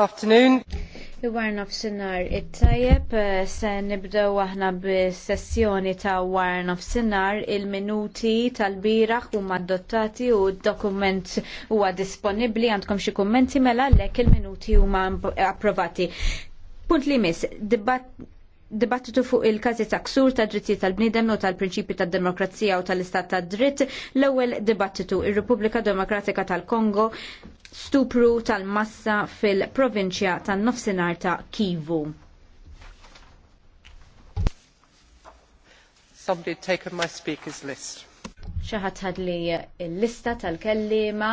Afternoon. Iwar sinar it-tajjeb eh, se nibdew aħna bis-sessjoni ta' war Sinar il-minuti tal-biraħ huma adottati u d-dokument huwa disponibbli għandkom xi kummenti mela għalhekk il-minuti huma approvati. Punt li miss, dibattitu fuq il-kazi ta' ksur ta' drittijiet tal-bnidem u tal-prinċipi tad demokrazija u tal-istat ta' dritt, l-ewwel dibattitu ir-Repubblika Demokratika tal-Kongo stupru tal-massa fil-provinċja tan-nofsinhar ta' Kivu. Somebody taken my speaker's list. Xaħat ħadli l-lista tal-kellima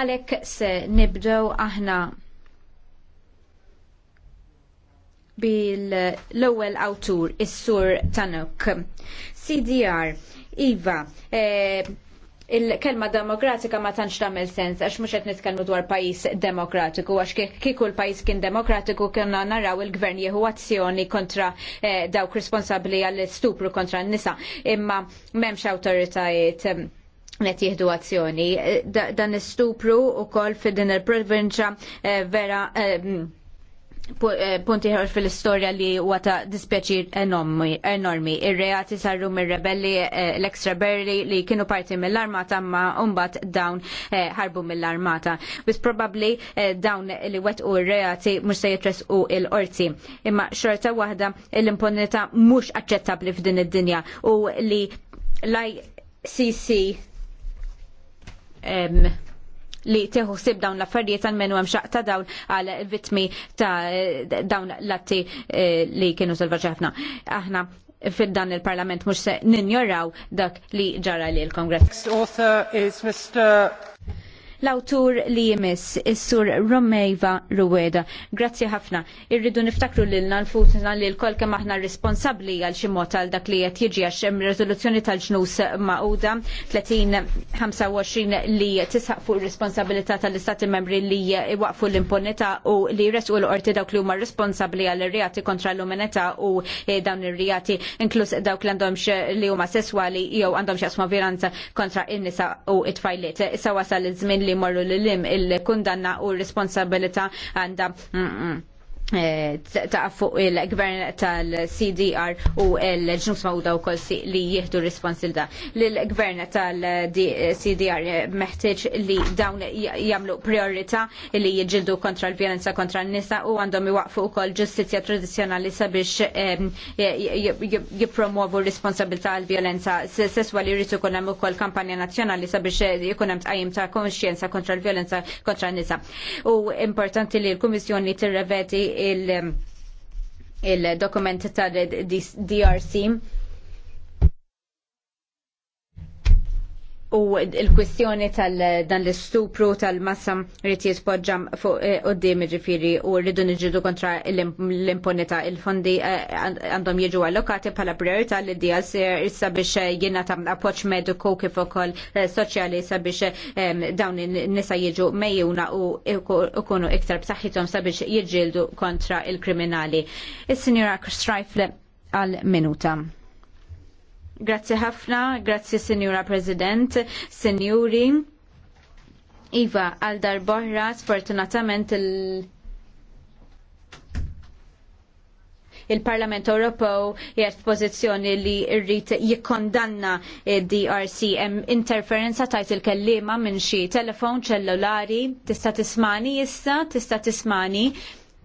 għalek se nibdew aħna bil-ewwel awtur is-sur Tanuk. CDR, Iva, eh, il-kelma demokratika ma tantx tagħmel sens għax mhux qed nitkellmu dwar pajjiż demokratiku għax kieku l-pajjiż kien demokratiku kienna naraw il-gvern jieħu azzjoni kontra eh, dawk responsabbli għall-stupru kontra n-nisa imma m'hemmx awtoritajiet net eh, jihdu azzjoni. Eh, dan istupru u kol fid din il provinċja vera Eh, punti ħor fil-istoria li wata dispjaċir enormi. Ir-reati sarru mir-rebelli eh, l extra berri li kienu parti mill-armata ma umbat dawn eh, ħarbu mill-armata. Bis probabli dawn li wet u reati mux se jitres u il-orti. Imma xorta wahda l imponita mux aċċettabli f'din id-dinja u li l-ICC li teħu sib dawn l-affarijiet għal menu għamxaq ta' dawn għal vitmi ta' dawn l-atti eh, li kienu salvaġafna. Aħna fid-dan il-parlament mux se ninjoraw dak li ġara li l-kongress l-awtur li jmiss, is-sur Romeva Rueda. Grazzi ħafna. Irridu niftakru lilna l-futna li l-kol kem aħna responsabbli għal xi mod għal dak li qed jiġi għax hemm riżoluzzjoni tal-ġnus maquda 30-25 li tisħaq fuq responsabilità tal-istati membri li waqfu l-impunità u li resqu l-qorti dawk li huma responsabbli għal ir kontra l-umanità u eh, dawn ir-reati inkluż dawk li għandhomx li huma sesswali jew għandhomx jasma violenza kontra in-nisa u it-tfajliet. Issa wasal iż-żmien li marru l-lim il-kundanna u r responsabilità għandha Eh, ta' fuq il-gvern tal-CDR u l-ġnus mawda u koll li jihdu da. L-gvern tal-CDR meħtieġ li dawn jamlu priorita li jġildu kontra l-violenza kontra n-nisa u għandhom iwaqfu u kol ġustizja tradizjonali sabiex jipromuovu responsabilta l violenza sessuali rritu kunem u kol kampanja nazjonali sabiex jikunem eh, tqajim ta' konxjenza kontra l-violenza kontra n-nisa. U importanti li l-Komissjoni tirreveti il-dokument il, ta' DRC u il-kwistjoni tal-dan l-istupru tal massam rrit jitpoġġam fuq eh, qoddim ġifiri u rridu nġidu kontra l-impunita il-fondi eh, għandhom jiġu allokati pala priorità li dijal issa biex eh, jiena tam appoċ mediku kif ukoll soċjali sabiex dawn nisa jiġu mejjuna u kunu iktar b'saħħithom sabiex jiġġieldu kontra il-kriminali. Is-Sinjora Strifle għal minuta. Grazzi ħafna, grazie Signora President, Sinjuri. Iva, għal darbohra, sfortunatament il- il-Parlament Ewropew jgħid pożizzjoni li rrid jikkondanna DRC hemm interferenza tajt il-kellima minn xi telefon ċellulari tista' tismani issa tista' tismani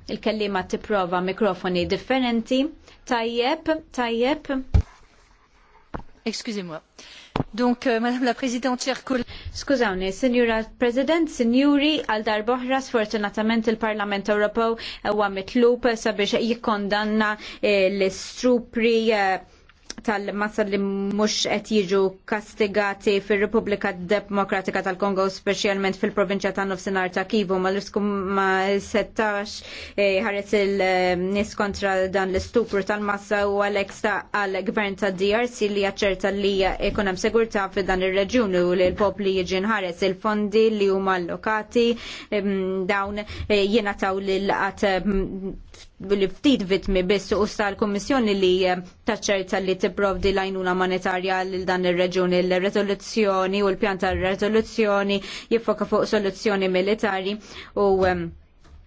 il-kellima tipprova mikrofoni differenti tajjeb tajjeb Euh, Skużawni, Signora President, Signori, għal darboħra sfortunatament il-Parlament Ewropew eh, huwa mitlub sabiex jikkondanna eh, l-istrupri eh, tal-massa li mhux qed jiġu kastigati fir-Repubblika Demokratika tal-Kongo speċjalment fil-provinċja tan nofsinhar ta' Kivu ma l iskum ma setax eh, ħares il-nies kontra dan l-istupru tal-massa u ta' għal gvern ta' DRC li jaċċerta li jkun hemm fil dan ir-reġjuni u li l-popli jiġi nħares il-fondi li huma allokati dawn eh, jingħataw lil qatt li ftit vitmi biss u sta l-Kommissjoni li eh, taċċerta li tipprovdi l-għajnuna monetarja lil dan ir-reġuni l-rezoluzzjoni u l-pjan tar-rezoluzzjoni jiffoka fuq soluzzjoni militari u um,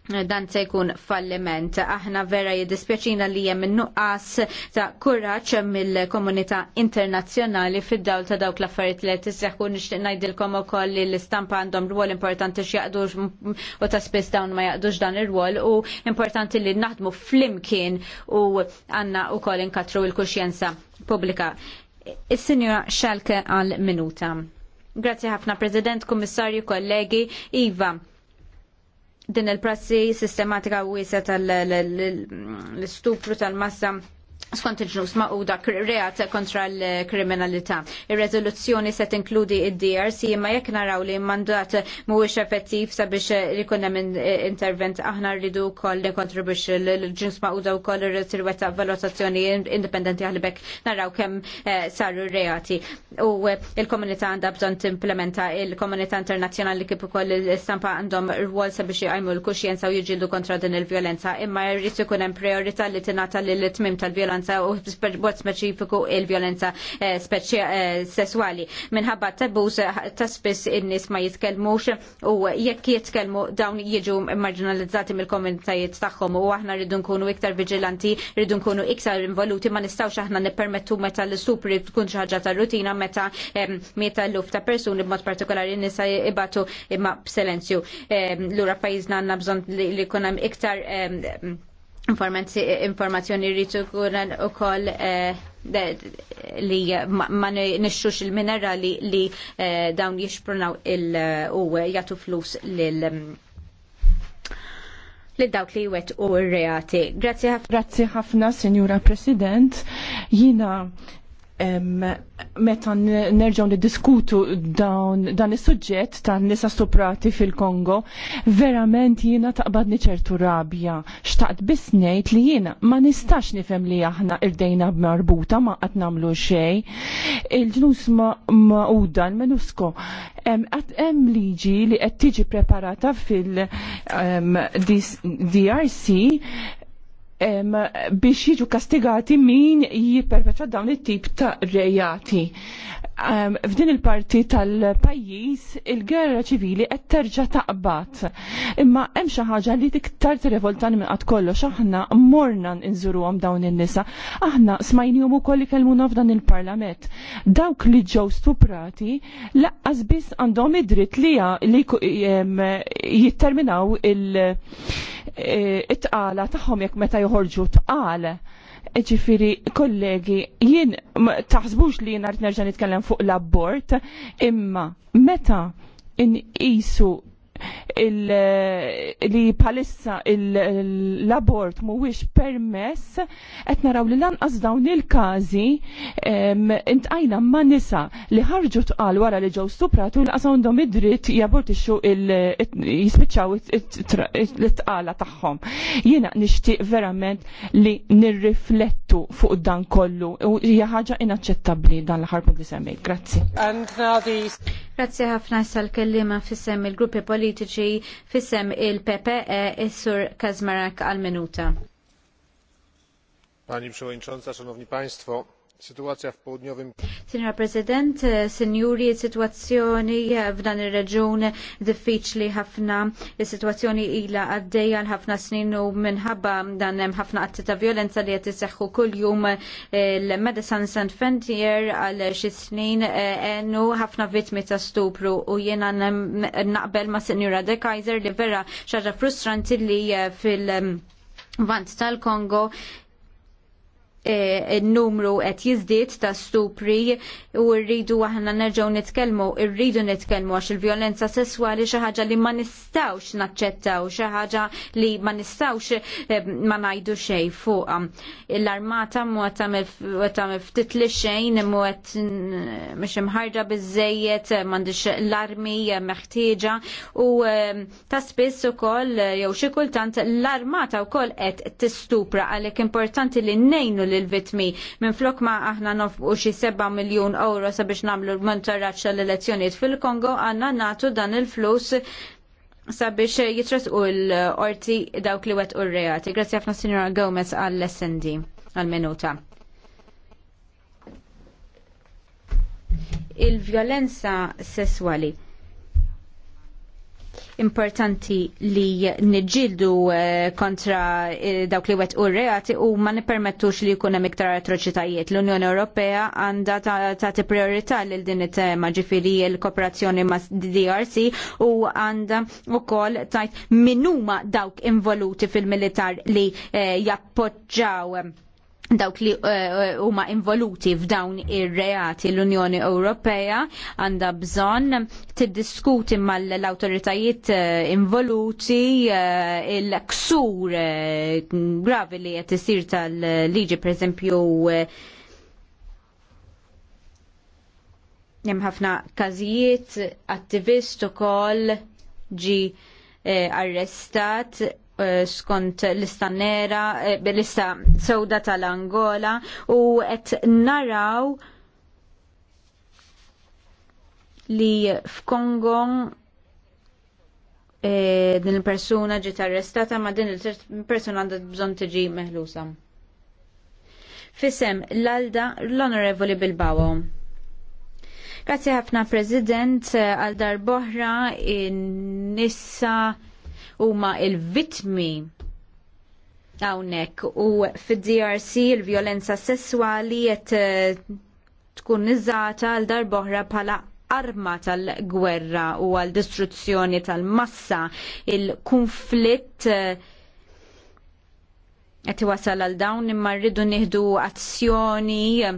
dan se jkun falliment. Aħna vera jiddispjaċina li hemm nuqqas ta' kuraġġ mill-komunità internazzjonali fid-dawl ta' dawk l-affarijiet li qed isseħħu nixtieq ngħidilkom ukoll li l-istampa għandhom rwol importanti x'jaqdux u ta' spiss dawn ma jaqdux dan ir-rwol u importanti li naħdmu flimkien u għandna wkoll inkatru l-kuxjenza pubblika. Is-Sinjora Xalke għal minuta. Grazie ħafna President, Kummissarju, kollegi, Iva din il-prassi sistematika wiesa tal-istupru tal-massa skont il-ġnus maquda reat kontra l-kriminalità. Ir-rezoluzzjoni se tinkludi id-DRC imma jekk naraw li mandat mhuwiex effettiv sabiex ikun hemm intervent aħna rridu wkoll nikkontribwix l-ġnus maquda wkoll ir-sirwetta valutazzjoni indipendenti għalbek naraw kemm eh, saru reati. U eh, il-komunità għandha bżonn timplementa il-komunità internazzjonali kif ukoll l-istampa għandhom rwol sabiex jgħajmu l-kuxjenza u jiġildu kontra din il-vjolenza imma jrid ikun hemm priorità li tingħata lil tmim tal-vjolenza violenza u b'mod speċifiku il-violenza eh, eh, sessuali. Minħabba tabus eh, ta' spiss in-nies ma jitkellmux u jekk jitkellmu dawn jiġu marginalizzati mill-komunitajiet tagħhom u aħna rridu nkunu iktar viġilanti, rridu nkunu iktar involuti ma nistgħux aħna nippermettu meta l-supri tkun xi ħaġa tar rutina meta meta l-luf ta' persuni b'mod partikolari nisa ibatu imma b'silenzju. Lura pajjiżna għandna bżonn li jkun hemm iktar informazzjoni rritu kuran u koll eh, li ma nixxux il-minerali li eh, dawn jixprunaw il- eh, u jatu flus lil mm, li dawk li wet u r-reati. Grazie ħafna. Grazie ħafna, Signora President. Jina meta nerġgħu niddiskutu dan is-suġġett tan nisa soprati fil-Kongo, verament jiena taqbadni ċertu rabja. Xtaqt biss ngħid li jiena ma nistax nifhem li aħna irdejna marbuta ma qatt nagħmlu xejn. Il-ġnus maquda l-Menusko hemm liġi li qed tiġi preparata fil-DRC biex jiġu kastigati min jipperpetra dawn it-tip ta' rejati f'din il-parti tal-pajjiż il-gerra ċivili qed terġa' taqbad. Imma hemm xi ħaġa li tiktar tirrevoltani minn qatt kollox aħna morna nżuruhom dawn in-nisa. Aħna smajnihom ukoll ikellmuna f'dan il-Parlament. Dawk li ġew stuprati laqqas biss għandhom id-dritt li jitterminaw il- eh, tqala tagħhom jekk meta joħorġu tqal ġifiri kollegi, jien taħsbux li jien għart nerġa nitkellem fuq l abort imma meta in isu li palissa l-abort mhuwiex permess, qed naraw li lanqas dawn il-każi intqajna ma' nisa li ħarġu tqal wara li ġew stupratu l għandhom id-dritt jabortixxu jispiċċaw l-tqala tagħhom. Jiena nixtieq verament li nirriflettu fuq dan kollu u hija ħaġa inaċċettabbli dan l-aħħar punt li semmejt. Grazzi. Grazzi ħafna sal kellima fissem il-gruppi politiċi fissem il-PPE e is-sur Kazmarak għal-minuta. Pani Przewodnicząca, Szanowni Państwo, Situazzja f'południowym. Sinjora President, eh, sinjuri, situazzjoni eh, f'dan ir-reġun diffiċli ħafna. situazzjoni ilha għaddejja l-ħafna snin u minħabba dan hemm ħafna qatti ta' violenza li qed kull kuljum il-Medicine eh, San Frontier għal xi snin għenu ħafna vittmi ta' stupru u jiena naqbel ma' Sinjura De Kaiser li vera xaġa frustranti li fil- mm, Vant tal-Kongo n-numru eh, qed jiżdied ta' stupri u rridu aħna nerġgħu nitkellmu, rridu nitkellmu għax il-vjolenza sesswali xi ħaġa li ma nistgħux naċċettaw, xi ħaġa li ma nistgħux eh, ma ngħidu xejn fuqha. L-armata mu qed tagħmel ftit li xejn mu qed mhux imħarġa biżejjed m'għandix l-armi meħtieġa u eh, ta' spiss ukoll jew xi kultant l-armata wkoll qed tistupra għalhekk importanti li ngħinu li l-vitmi. Minn flok ma aħna nofqu xi 7 miljun euro sabiex namlu l-monitoraġġ tal-elezzjonijiet fil-Kongo għandna natu dan il-flus sabiex jitresqu l-orti dawk li wet u r-reati. Grazzi għafna Sinjora Gomez għall-SND għal-minuta. Il-violenza sessuali importanti li nġildu eh, kontra eh, dawk li wet u reati u ma nipermettux li jkun hemm iktar atroċitajiet. L-Unjoni Ewropea għandha tagħti priorità lil din it-tema ġifieri l-kooperazzjoni ma' DRC u għandha wkoll tajt min huma dawk involuti fil-militar li eh, jappoġġaw dawk li eh, eh, huma uh, involuti f'dawn ir-reati l-Unjoni Ewropea għandha bżonn tiddiskuti mal-awtoritajiet eh, involuti uh, il-ksur uh, gravi li qed isir tal-liġi pereżempju hemm ħafna każijiet attivist ukoll ġi arrestat Eh, skont l nera, eh, lista sewda tal-Angola u qed naraw li f'Kongo eh, din il-persuna ġiet arrestata ma din il-persuna għandha bżonn tiġi meħlusa. Fisem l-alda l-Onorevoli Bilbao. Grazie ħafna President għal darboħra in-nissa huma il-vitmi hawnhekk u fid-DRC il-vjolenza sessuali qed eh, tkun niżata għal darboħra bħala arma tal-gwerra u għal distruzzjoni tal-massa il-konflitt eh, qed iwasal għal dawn imma rridu nieħdu azzjoni eh,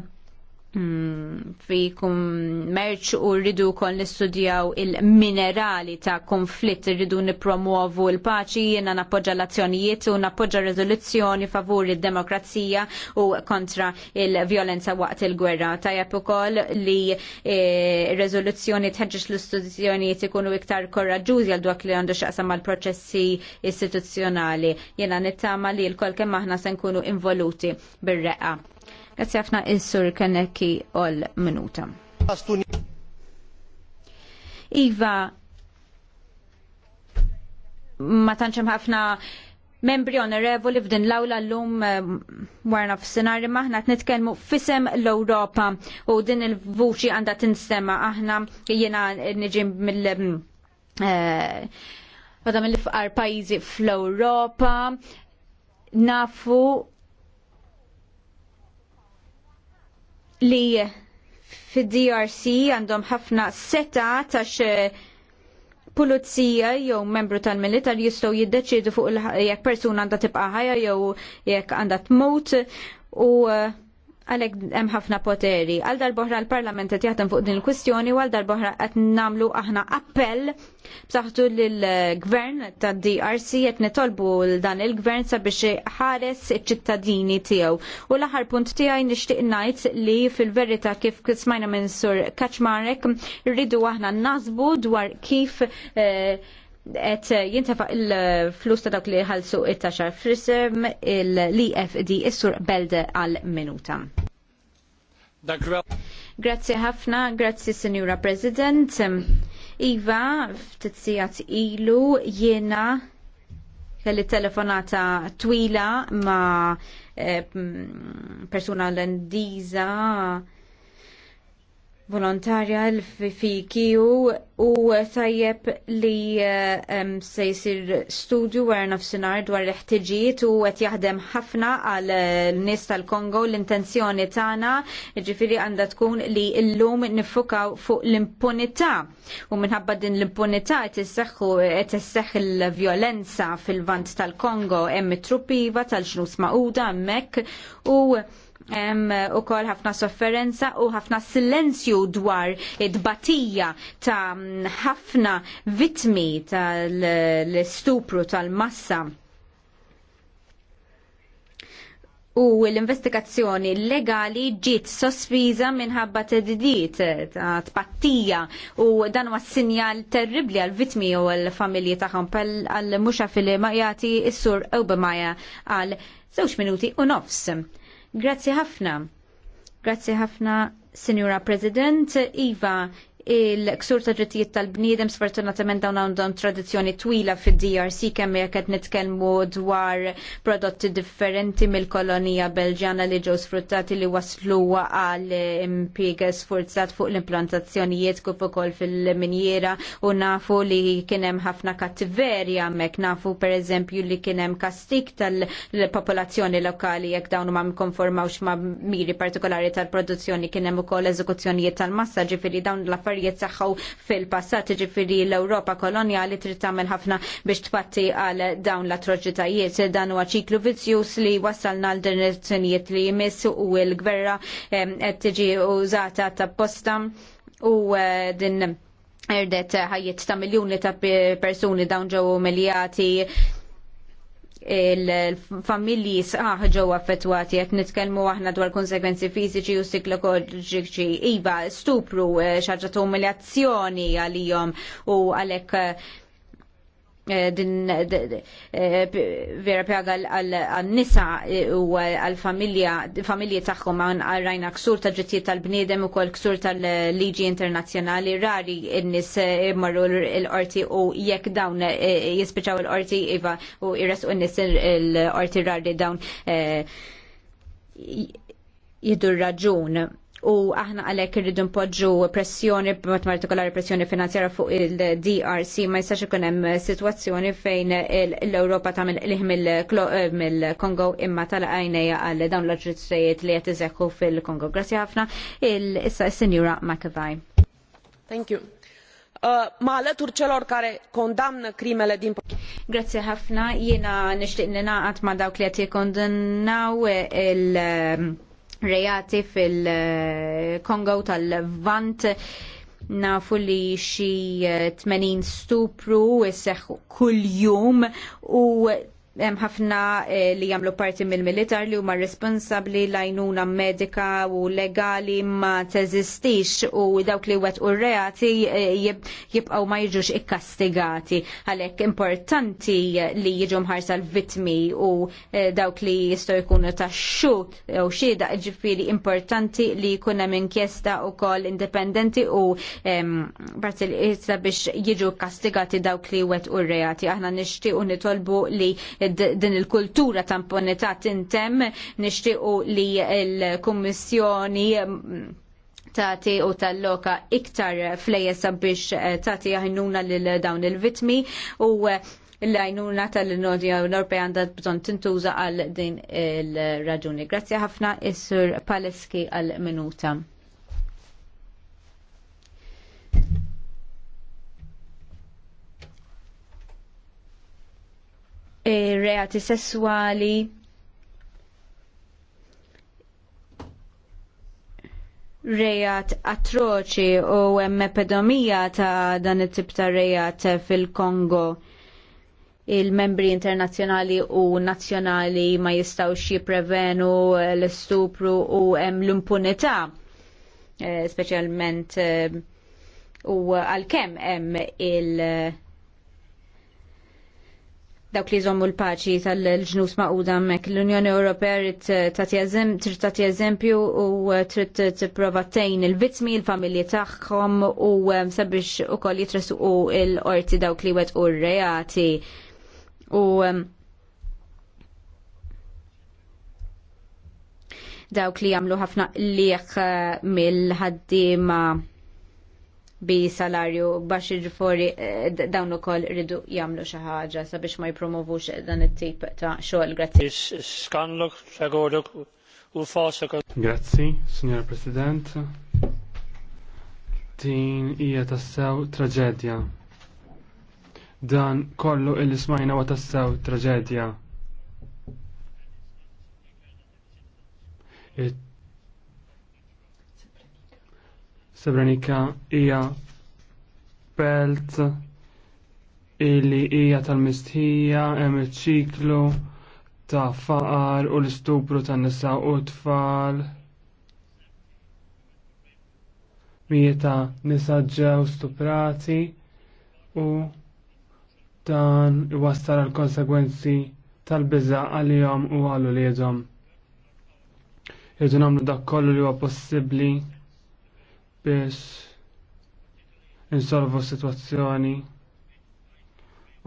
Mm, fi kummerċ u rridu kon nistudjaw il-minerali ta' konflitt, rridu nipromuovu il-paċi, jena nappoġġa l-azzjonijiet u nappoġġa rezoluzzjoni favur il-demokrazija u kontra il-violenza waqt il-gwerra. Tajab ukoll li e, rezoluzzjoni tħeġġeġ l-istituzzjonijiet ikunu iktar korraġużi għal dak li għandu xaqsam mal proċessi istituzzjonali. Jena nittama li l-kol kemm aħna se nkunu involuti bir-reqa. Grazzi ħafna il-sur Kenneki ol minuta. Iva, ma tanċem ħafna membri onorevoli f'din l-awla l-lum eh, warna f'sinari maħna t-nitkelmu f'isem l-Europa u din il-vuċi għanda tinstema aħna jena nġim mill- eh, Għadam mill-fqar pajizi fl-Europa nafu li fid-DRC għandhom ħafna seta tax eh, pulizija jew membru tal-militar jistgħu jiddeċidu fuq jekk persuna għandha tibqa' ħajja jew jekk għandha tmut u uh, għalek hemm ħafna poteri. Għal darbohra l-Parlament qed jaħdem fuq din il-kwistjoni u għal darbohra qed nagħmlu aħna appell b'saħħtu lill-Gvern tad-DRC qed nitolbu dan il-Gvern sabiex ħares iċ-ċittadini tiegħu. U l-aħħar punt tiegħi nixtieq ngħid li fil-verità kif smajna minn Sur Kaczmarek rridu aħna nazbu dwar kif eh, et jintafa il-flus ta' dawk li ħalsu it-taxar frisem il-EFD issur belde għal-minuta. Grazzi ħafna, grazie Senjura President. Iva, ftit ilu jiena kelli telefonata twila ma eh, persuna l-Andiza volontarja l-fiki u tajjeb li eh, se jisir studju għar nafsinar dwar l-ħtiġijiet u għet jaħdem ħafna għal eh, nis tal-Kongo l-intenzjoni tana ġifiri għanda tkun li l-lum nifukaw fuq l-impunità u minħabba din l-impunità għet jisseħ il-violenza fil-vant tal-Kongo emmi truppiva tal-ġnus ma'uda emmek u hemm ukoll ħafna sofferenza u ħafna silenzju dwar id-batija ta' ħafna vittmi tal-stupru tal-massa. U l-investigazzjoni legali ġiet sospiża minħabba tedidiet ta' tpattija u dan huwa sinjal terribli għal vittmi u l-familji tagħhom għal muxa fil-majati is-sur Obamaja għal żewġ minuti u nofs. Grazzi ħafna. Grazzi ħafna, Sinjura President, Iva, il-ksur ta' drittijiet tal-bniedem sfortunatament dawn għandhom tradizzjoni twila fid-DRC kemm jekk qed nitkellmu dwar prodotti differenti mill-kolonija Belġjana li ġew sfruttati li waslu għal impjieg sforzat fuq l-implantazzjonijiet kif ukoll fil-minjera u nafu li kien hemm ħafna kattiverja hemmhekk nafu pereżempju li kien hemm kastik tal-popolazzjoni lokali jekk dawn ma konformawx ma miri partikolari tal-produzzjoni kien hemm ukoll eżekuzzjonijiet tal-massa ġifieri dawn l-affarijiet l-affarijiet saħħu fil-passat ġifiri l-Ewropa kolonjali trid tagħmel ħafna biex tpatti għal dawn l-atroċitajiet. Dan huwa ċiklu vizzjus li wassalna l direzzjonijiet li jmiss u l-gwerra qed tiġi użata ta' posta u eh, din erdet ħajjiet ta' miljoni ta' persuni dawn ġew miljati il-familji saqaħ ġew affettwati qed nitkellmu aħna dwar konsekwenzi fiżiċi u psikoloġiċi iva stupru eh, xaġa umiljazzjoni għalihom u għalhekk eh, Eh, din eh, vera pjaga għal-nisa eh, u għal-familja, familji taħħom għan rajna ksur ta' ġittijiet tal-bniedem u kol ksur tal-liġi internazjonali rari n-nis marru l-orti u jekk dawn jispiċaw l-orti iva u jirres u n-nis l-orti rari dawn jiddu raġun u aħna għalhekk irridu npoġġu pressjoni b'mod partikolari pressjoni finanzjara fuq il-DRC ma jistax ikun hemm sitwazzjoni fejn l-Ewropa tagħmel ilih eh, mill-Kongo imma tal-għajnejja għal dawn l-aġġizzjonijiet li qed iżekku fil-Kongo. Grazzi ħafna issa s-Sinjura McAvey. Thank you. Uh, ma għaletur ċelor kare kondamna krimele din. Grazie ħafna, jiena nishtiq nina ma dawk li għati kondannaw il- rejati fil-Kongo tal-Vant nafu li xi 80 stupru isseħ kull jum u hemm ħafna eh, li jagħmlu parti mill-militar li huma responsabbli lajnuna medika u legali ma teżistix u dawk li wet u reati eh, jibqgħu ma jiġux ikkastigati. Għalhekk importanti eh, li jiġu mħarsa l-vitmi u dawk li jistgħu jkunu taxxu u xieda ġifieri importanti li jkun hemm inkjesta wkoll indipendenti u ehm, parti biex jiġu kastigati dawk li wet u reati. Aħna nixtiequ nitolbu li din il-kultura ta' tintem nixtiequ li l-Kummissjoni mm, tati u tal-loka iktar flejes biex eh, tati għajnuna lil dawn il-vitmi u eh, l-għajnuna tal-Nodja Ewropea għandha bżonn tintuża għal din il-raġuni. Grazzi ħafna, is-Sur Paleski għal-minuta. reati sessuali, rejat atroċi u hemm epidemija ta' dan it-tip ta' rejat fil-Kongo il-membri internazzjonali u nazzjonali ma jistawx jipprevenu l-istupru u hemm l-impunità eh, speċjalment eh, u għalkemm hemm il- dawk li jżommu l-paċi tal-ġnus maquda mek. L-Unjoni Ewropea eh, trid tagħti eżempju u eh, trid tipprova tgħin il vizmi il-familji tagħhom u eh, sabiex ukoll jitresuqu l-qorti dawk li wet u r-reati. U dawk li jagħmlu ħafna liħ mill-ħaddiema bi salarju bax ġifori eh, dawn ukoll ridu jagħmlu xi ħaġa sabiex ma jippromovux dan it-tip ta' xogħol. Grazzi. Skanluk, xagordok u fosuk. Grazzi, Signor President. Din hija tassew traġedja. Dan kollu il-ismajna wa tassew traġedja. Sebranika hija belt illi hija tal-mistħija hemm iċ-ċiklu ta' faqar u l-istupru tan-nisa u tfal. Mieta nisa ġew stuprati u dan iwassal għal konsegwenzi tal-biża għal-jom u għallu liedhom. Irdu nagħmlu dak kollu li huwa possibbli biex insolvu situazzjoni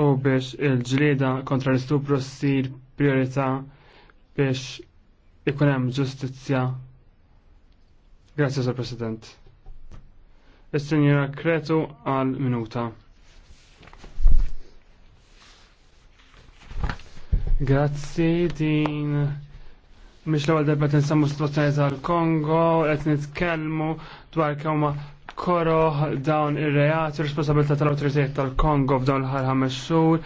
u biex il-ġlida kontra l-istupru s-sir priorità biex ikun hemm ġustizzja. Grazie, Sir President. is senjora Kretu għal minuta. Grazzi din Mhix l-ewwel darba tinsemmu situazzjoni tal-Kongo, qed nitkellmu dwar kemm koro dawn ir-reati responsabilità tal-awtoritajiet tal-Kongo f'dawn l-ħar ħames xhur,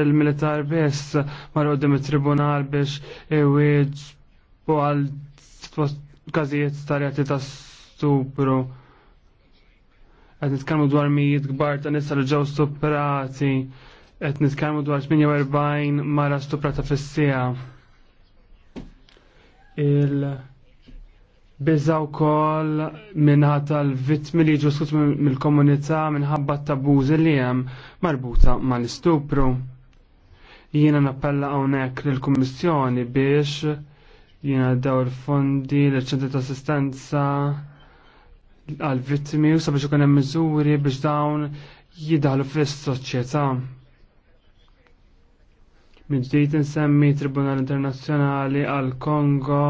il militar biss mar qudiem it-tribunal biex iwieġbu għal każijiet ta' reati ta' stupru. Qed nitkellmu dwar mijiet kbar ta' nisa li ġew stuprati, qed nitkellmu dwar 48 mara stuprata fis-sija il-bizza wkoll minħata tal-vittmi li ġu skut mill-komunità minħabba t-tabuż li hemm marbuta mal-istupru. Jiena nappella hawnhekk lill-Kummissjoni biex jiena daw il-fondi l-ċentri ta' assistenza għal-vittmi u sabiex u hemm miżuri biex dawn jidħalu fis-soċjetà. Mid-ġdijt nsemmi Tribunal Internazzjonali għal Kongo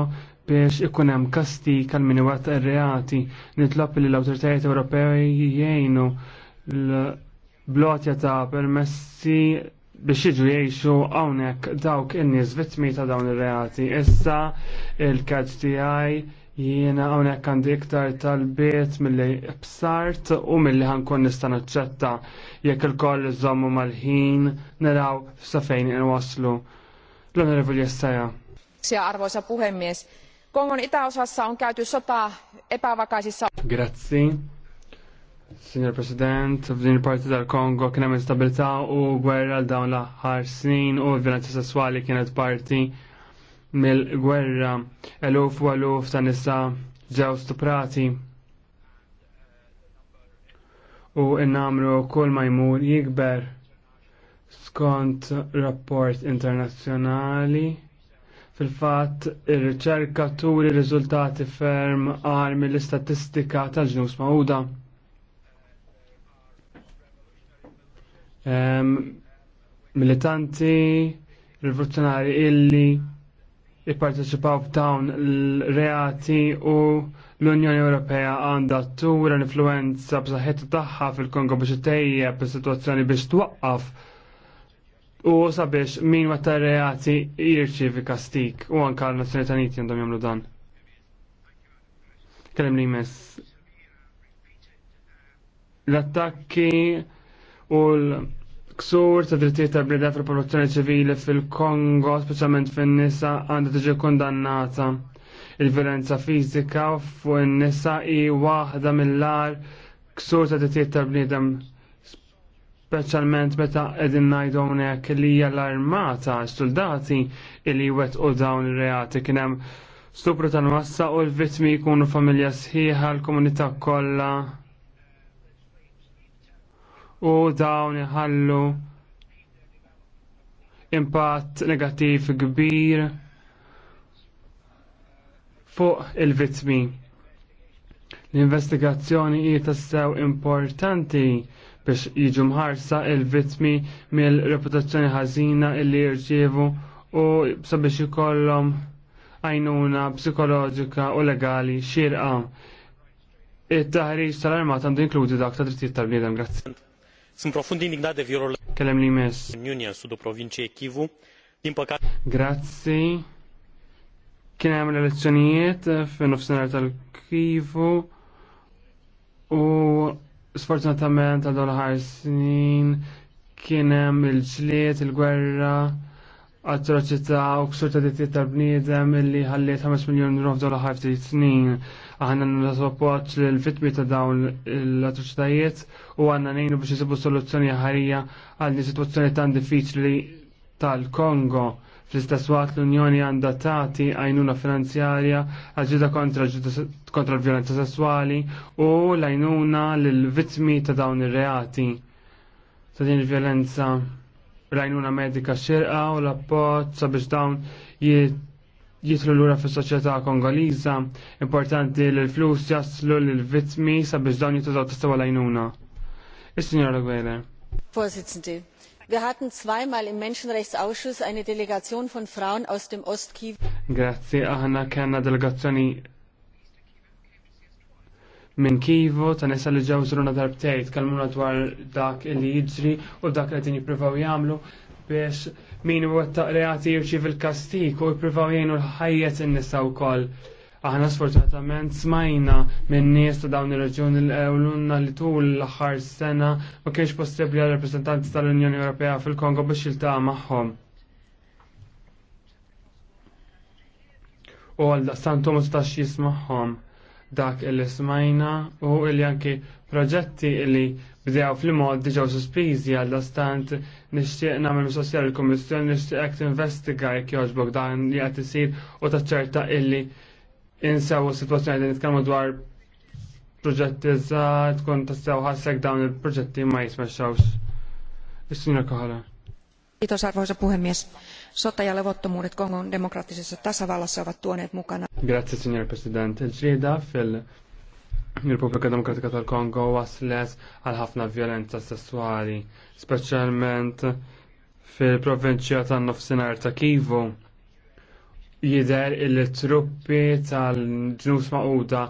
biex ikun hemm kastik għal min waqt reati nitlob li l-awtoritajiet Ewropej jgħinu l-blotja ta' permessi biex jiġu jgħixu hawnhekk dawk in-nies vittmi ta' dawn ir-reati. Issa il-kaġ tiegħi Jiena hawnhekk għandi iktar tal-bit milli bsart u milli ħankun nista' naċċetta jekk il-koll iżommu mal-ħin naraw sa fejn waslu. L-Onorevoli Jessaja. Sia arvoisa puhemies. Kongon itäosassa on käyty sota epävakaisissa. Grazzi. Signor President, f'din il-parti tal-Kongo kien hemm instabilità u gwerra l dawn l-aħħar snin u l-violenza sessuali kienet parti mill-gwerra eluf u eluf ta' nisa ġew stuprati u innamru namru kull ma jmur jikber skont rapport internazzjonali fil-fatt ir-riċerka turi riżultati ferm għal mill-istatistika tal-ġnus mawda. militanti rivoluzzjonari illi ipparteċipaw f'dawn l-reati u l-Unjoni Ewropea għandha tura l-influenza b'saħħet tagħha fil-Kongo biex tejjeb is-sitwazzjoni biex twaqqaf u sabiex min wetta reati jirċivi kastik u anka l-Nazzjonijiet Uniti għandhom jagħmlu dan. Kellim li mess l-attakki u l- ksur ta' drittijiet ta' bliedem fil-produzzjoni ċivili fil-Kongo, speċjalment fin-nisa, għandha tiġi kondannata. Il-violenza fiżika fuq in-nisa hi waħda mill-ar ksur ta' drittijiet ta' bniedem speċjalment meta qegħdin ngħidu hawnhekk li hija l-armata soldati li wettqu dawn ir-reati kien hemm stupru tal-massa u l-vittmi jkunu familja sħiħa l-komunità kollha u dawn iħallu impatt negattiv kbir fuq il-vittmi. L-investigazzjoni hi tassew importanti biex jiġu mħarsa il-vittmi mill-reputazzjoni ħażina illi jirċievu u sabiex ikollhom għajnuna psikoloġika u legali xirqa. It-taħriġ tal-armata għandu inkludi dak ta' drittijiet tal-bniedem. Grazie. Sunt profund indignat de violul Kellem li mes. în sudul provinciei Kivu. Din păcate... Grazie. Kien hemm l-elezzjonijiet f'nofsinhar tal-Kivu u sfortunatament għal dawn ħar snin kien hemm il-ġlied, il-gwerra, atroċità u ksur ta' dittijiet tal-bniedem illi ħalliet 5 miljun rof dola ħar snin. Aħna n-nasoppoċ l fitmi ta' dawn l-atroċitajiet u għanna nejnu biex jisibu soluzzjoni ħarija għal situazzjoni tan diffiċli tal-Kongo. Fl-istess waqt l-Unjoni għandha tagħti għajnuna finanzjarja għal kontra kontra l-vjolenza sessuali u l-għajnuna l-vitmi ta' dawn ir-reati. Ta' din il-vjolenza l-għajnuna medika xirqa u l-appoġġ sabiex dawn jitt jitlu l-ura fi soċieta kongoliza, importanti li l-flus jaslu l-vitmi sa sabiex dawn t tistawa lajnuna. Is-Sinjora Gwele. Vorsitzende, wir hatten zweimal im Menschenrechtsausschuss eine Delegation von Frauen aus dem Ostkiv. Grazie, aħna kena delegazzjoni minn Kivu, ta' nisa li ġew zruna darbtejt, kalmuna dwar dak li jiġri u dak li din jippruvaw jagħmlu biex min wettaq reati jirċiv fil kastik u jiprifaw jgħinu l-ħajjet in-nisa koll. Aħna sfortunatament smajna minn nies ta' dawn ir-reġjuni l ewlunna li tul l-aħħar sena ma kienx possibbli għal rappreżentanti tal-Unjoni Ewropea fil-Kongo biex jiltaqa' magħhom. U għal daqstantu ma jismagħhom dak il-smajna u il-janki proġetti li bdew fil-mod diġaw sospiżi għalla stant nixtieq nagħmel sosjal il-Kummissjoni nishtiq t-investiga jekk jogħġbok dan li qed sir u taċċerta illi insewu għedin li nitkellmu dwar proġetti żgħar tkun tassew ħassek dawn il-proġetti ma jismexxawx. Is-Sinjor Kohala. Kiitos arvoisa puhemies. Sota ja levottomuudet Kongon demokraattisessa tasavallassa ovat tuoneet mukana. Grazie signor Presidente. Il fil Il-Repubblika Demokratika tal-Kongo waslet għal ħafna violenza sessuali, speċjalment fil-provinċja tan-nofsinhar ta' Kivu. Jidher il-truppi tal-ġnus maquda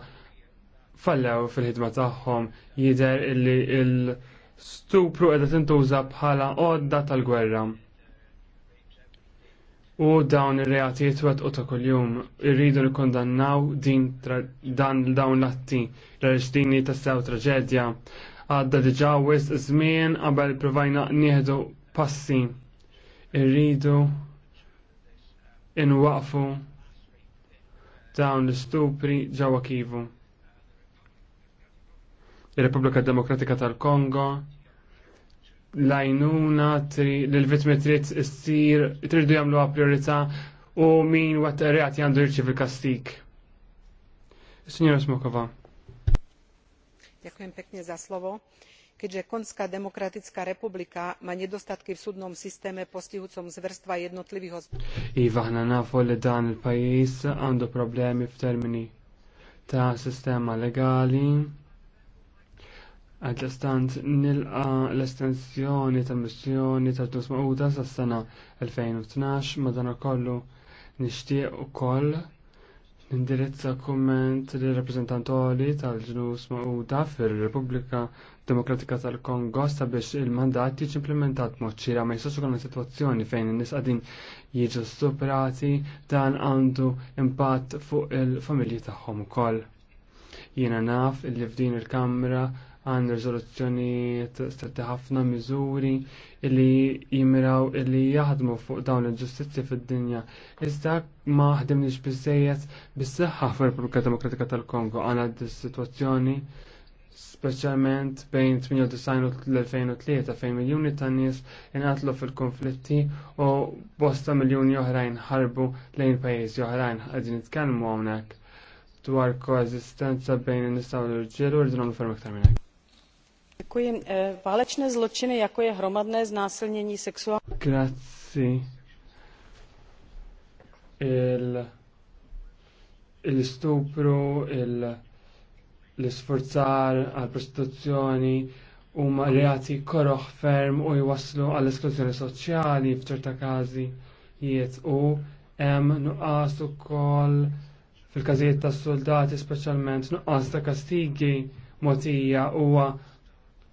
fallew fil-ħidma tagħhom, jidher il-stupru qiegħda tintuża bħala għodda tal-gwerra. U dawn ir reatijiet wet u ta' kuljum irridu nikkondannaw din dan dawn l-atti l-arġdini ta' sew traġedja. Għadda diġa wis żmien qabel provajna nieħdu passi. Irridu inwaqfu dawn l-istupri ġewwa Kivu. Ir-Repubblika Demokratika tal-Kongo lajnuna l-vitmi trid issir tridu jamlu għapriorita u min waqt reati għandu jirċi fil-kastik. Signora Smokova. Dziękuję pięknie za słowo. Keďže Konská demokratická republika má nedostatky v súdnom systéme postihujúcom zverstva jednotlivých osôb. Iva ħna nafu li dan il-pajis għandu problemi termini ta' sistema legali Għadġastant nilqa l-estensjoni ta' missjoni ta' dus ma'uda sa' s-sena 2012 madana kollu nishtiq u koll nindirizza komment li rappresentantoli tal-ġnus ma'uda fil-Repubblika Demokratika tal-Kongo sabiex il-mandat jiġi implementat moċċira ma jistax ukoll situazzjoni fejn in-nies qegħdin jiġu stuprati dan għandu impatt fuq il-familji tagħhom ukoll. Jiena naf li f'din il-Kamra għan t stretti ħafna miżuri illi jimiraw illi jaħdmu fuq dawn il-ġustizzi fid-dinja. Iżda ma ħdimniex biżejjed bis-saħħa fil-Repubblika Demokratika tal-Kongo għandha dis-sitwazzjoni speċjalment bejn 98 u l-2003 fejn miljuni ta' nies jenatlu fil-konflitti u bosta miljuni oħrajn ħarbu lejn pajjiżi oħrajn qegħdin nitkellmu hawnhekk dwar koeżistenza bejn in nistaw l-irġiel u dinom l ferm iktar minnek. Dziękuję. Waleczne eh, jako je znásilnění sexuální. Grazie. Il, il stupro, il, l-isforzar għal prostituzzjoni huma reati koroħ ferm u jwaslu għall esklużjoni soċjali f'ċerta każi jiet u hemm nuqqas ukoll fil-każijiet tas-soldati speċjalment nuqqas ta' kastigi mogħtija huwa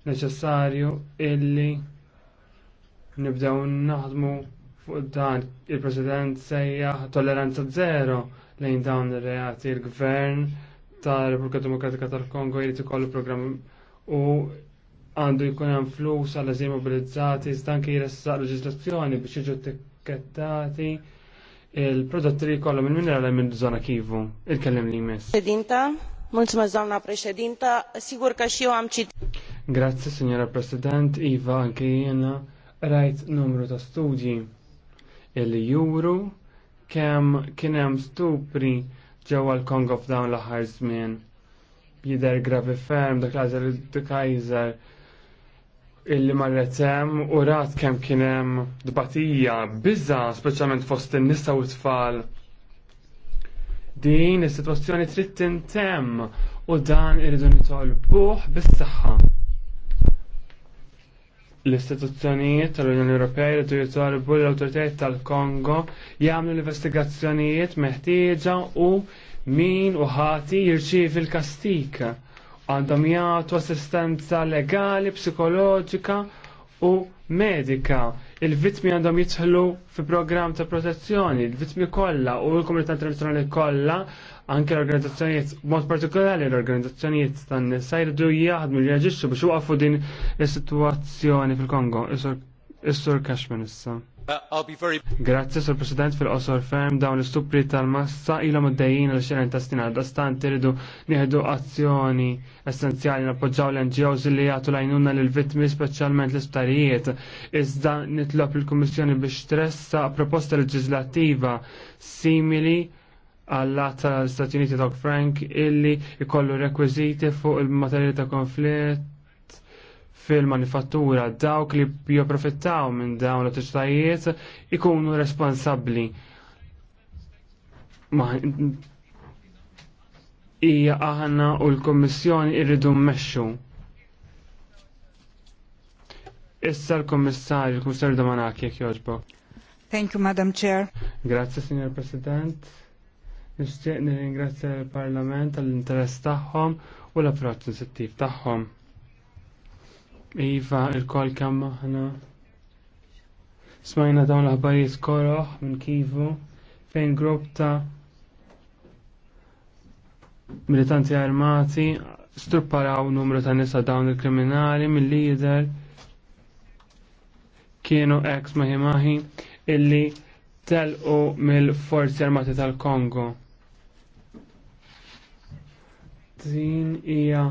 neċessarju illi nibdew naħdmu fuq dan il-President sejjaħ tolleranza zero lejn dawn ir-reati il-Gvern ta' repubblika Demokratika tal-Kongo jrid ikollu programm u għandu jkun hemm flus għal eżi mobilizzati iżda anke jressaq leġislazzjoni biex jiġu tikkettati il-prodotti li jkollhom il-minerali minn żona kivu. Il-kellim li jmiss. Presidinta, mulțumesc doamna sigur că și eu Grazzi, Signora President, Iva, anke jena rajt numru ta' studji illi juru kemm kien hemm stupri ġewwa l-Kongo f'dawn l-aħħar żmien. Jidher gravi ferm dak l de Kaiser illi marretem hemm u rat kemm kien hemm dbatija bizza, speċjalment fost in-nisa u tfal. Din is-sitwazzjoni trid tintemm u dan irridu nitolbuh bis-saħħa l-istituzzjonijiet tal-Unjoni Ewropea jridu jitolbu l autoritajiet tal-Kongo jagħmlu l-investigazzjonijiet meħtieġa u min u ħati jirċievi l-kastik. Għandhom jagħtu assistenza legali, psikoloġika u medika. Il-vittmi għandhom jidħlu fi programm ta' protezzjoni, il-vittmi kollha u l-komunità internazzjonali kollha Anke l-organizzazzjonijiet, mod partikolari l-organizzazzjonijiet tan nisa jridu jaħdmu li jaġixxu biex waqfu din is-sitwazzjoni fil-Kongo. Is-Sur Cashman issa. Uh, Grazzi, Sur President, fil-qosor ferm dawn l-istupri tal-massa ilhom għaddejjin għal xeren ta' snin għal-dastan tiridu nieħdu azzjoni essenzjali nappoġġaw l-NGOs li jagħtu lajnuna l vittmi speċjalment l-isptarijiet. Iżda nitlob il-Kummissjoni biex tressa proposta legislativa simili għall-lata l-Stati Uniti ta' Frank illi jkollu rekwiziti fuq il-materjali ta' konflitt fil-manifattura dawk li bjoprofittaw minn dawn l tistajiet ikunu responsabbli. Ma' hija aħna u l-Kommissjoni irridu mmexxu. Issa l-Kommissarju, l-Kummissarju Domanaki, jek Thank you, Madam Chair. Grazie, Signor President. Nixtieq nirringrazzja l-Parlament għall-interess tagħhom u l-approċċ insittiv tagħhom. Iva, il-kol kemm aħna. Smajna dawn l-aħbarijiet koroħ minn kivu fejn grupp ta' militanti armati strupparaw numru ta' nisa dawn il-kriminali mill-lider kienu ex maħi maħi illi telqu mill-forzi armati tal-Kongo din hija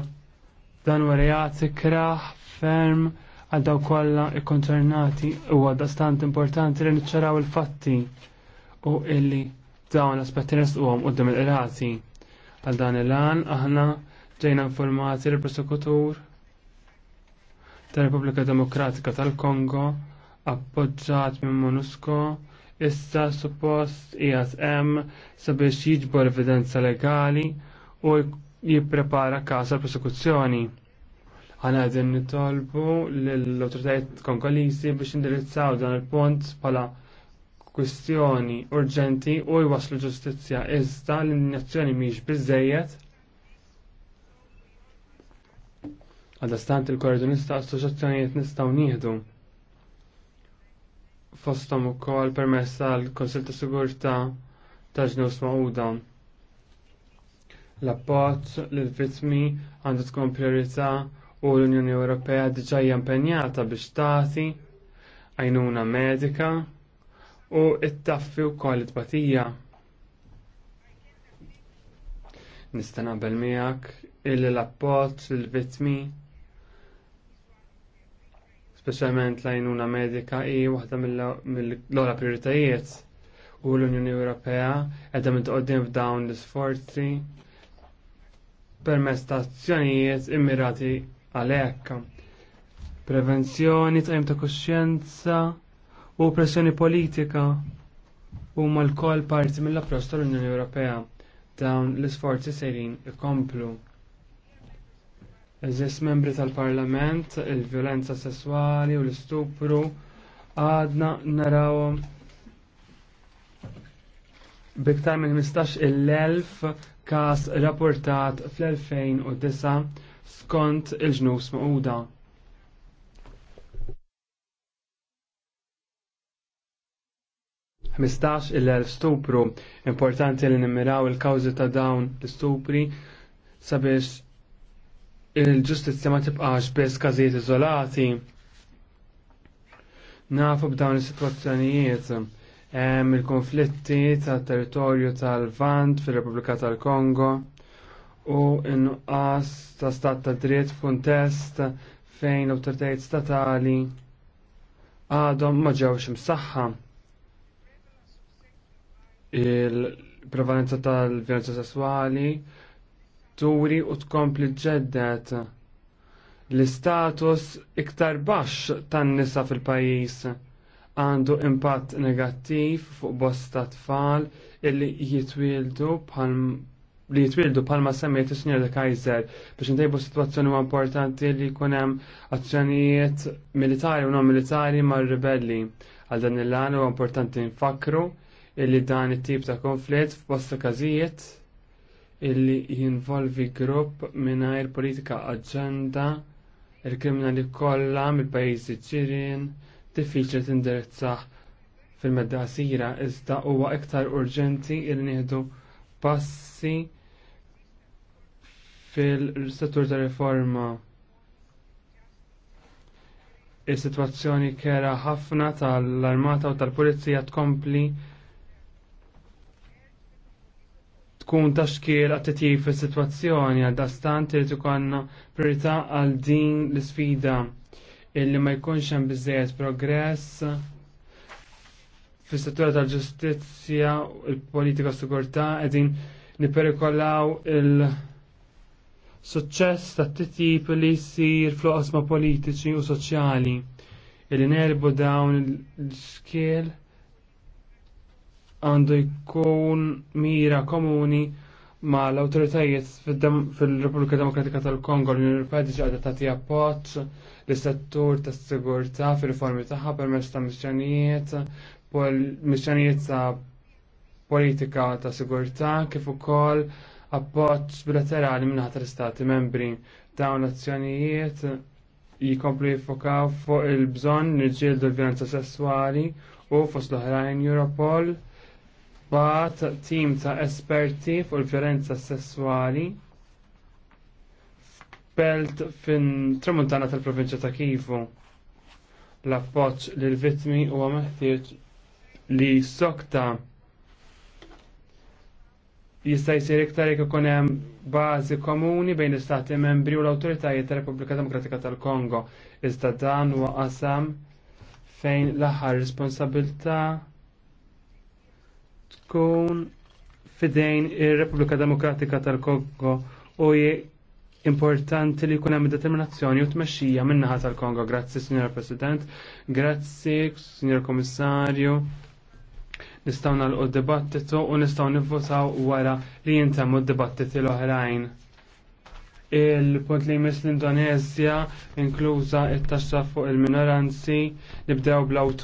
dan wara jagħti kraħ ferm għal daw kollha ikkonċernati huwa dastant importanti li niċċaraw il-fatti u illi dawn l-aspetti nistquhom quddiem il-qrati. Għal dan il-għan aħna ġejna informati l prosekutur tal-Repubblika Demokratika tal-Kongo appoġġat minn MONUSCO issa suppost qiegħed sabiex jiġbor evidenza legali u jipprepara kasa prosekuzzjoni. Għana għedin nitolbu l autoritajt konkolisi biex indirizzaw dan il-pont pala kwistjoni urġenti u jwaslu ġustizzja iżda l-nazzjoni miex bizzejiet. Għadastant il-kordonista assoċazzjonijiet nistaw nieħdu. Fostom u kol permessa l-Konsil ta' Sigurta ta' ġnus ma' l-appoġġ lill-vittmi għandu tkun priorità u l-Unjoni Ewropea diġà hija impenjata biex tagħti għajnuna medika u it-taffi wkoll it-tbatija. Nista' naqbel miegħek illi l-appoġġ lill-vittmi speċjalment l-għajnuna medika hi waħda mill għola prioritajiet u l-Unjoni Ewropea qiegħda minn f'dawn l-isforzi permezz ta' azzjonijiet immirati għal ekka. Prevenzjoni, tajm ta' kosċenza u pressjoni politika huma lkoll parti mill-approċċ tal-Unjoni Ewropea dawn l-isforzi sejrin ikomplu. Eżis membri tal-Parlament, il-violenza sessuali u l-istupru għadna naraw. biktar minn 15 il-elf kas rapportat fl-2009 skont il-ġnus maquda. Mistax il-elf stupru, importanti li nimmiraw il-kawzi ta' dawn l-stupri sabiex il-ġustizja ma tibqax biss każijiet iżolati. Nafu b'dawn is-sitwazzjonijiet hemm il-konflitti tat-territorju tal-Vant fir-Repubblika tal-Kongo u in nuqqas ta' stat ta' dritt f'kuntest fejn l autoritajiet statali għadhom ma ġewx imsaħħa. Il-prevalenza tal-vjolenza sessuali turi u tkompli ġeddet l-istatus iktar baxx tan-nisa fil-pajjiż għandu impatt negattiv fuq bosta tfal illi jitwildu bħal li jitwildu palma semmiet is-Sinjor de Kaiser biex ntejbu situazzjoni huwa importanti li jkun hemm azzjonijiet militari u non militari mar-ribelli. Għal dan il-lan huwa importanti nfakru illi dan it-tip ta' konflitt f'bosta każijiet illi jinvolvi grupp mingħajr politika aġenda il-kriminali kollha mill-pajjiżi ġirien diffiċli tindirizzah fil-medda qasira iżda huwa iktar urġenti li nieħdu passi fil-settur ta' riforma. Is-sitwazzjoni kera ħafna tal-armata u tal-pulizija tkompli tkun ta' xkiel attitiv fis-sitwazzjoni għal dastant irid ikollna priorità għal din l-isfida illi ma jkunx hemm biżejjed progress fis-settura tal-ġustizzja u l-politika sigurtà qegħdin niperikolaw il- suċċess ta' titjib li jisir fl-oqsma politiċi u soċjali illi nerbu dawn l-skiel għandu jkun mira komuni ma l-autoritajiet fil-Repubblika Demokratika tal-Kongo l-Unjoni Europea diġa għadha tagħti appoġġ l-settur tas sigurtà fil-formi tagħha permess ta' missjonijiet missjonijiet ta' politika ta' sigurtà kif ukoll appoġġ bilaterali minn ħatar stati membri dawn l-azzjonijiet jikomplu jiffokaw fuq il-bżonn niġġieldu l-vjolenza sessuali u fost l-oħrajn Europol bat tim ta' esperti fuq il-vjolenza sessuali belt fin tramuntana tal-provinċja ta' Kivu. L-appoċ li l-vittmi huwa meħtieġ li sokta jista' jsir iktar jekk ikun hemm bażi komuni bejn l-istati membri u l-awtoritajiet tar-Repubblika Demokratika tal-Kongo. Iżda dan huwa qasam fejn l-aħħar responsabilità tkun fidejn ir-Repubblika Demokratika tal-Kongo u importanti li jkun hemm determinazzjoni u tmexxija min-naħa tal-Kongo. Grazzi, Signor President, grazzi, Signor Komissarju. Nistgħu nagħlqu d-dibattitu u nistgħu nivvotaw wara li jintemmu d-dibattiti l-oħrajn. Il-punt li jmiss l-Indonezja inkluża it-taxxa fuq il-minoranzi nibdew bl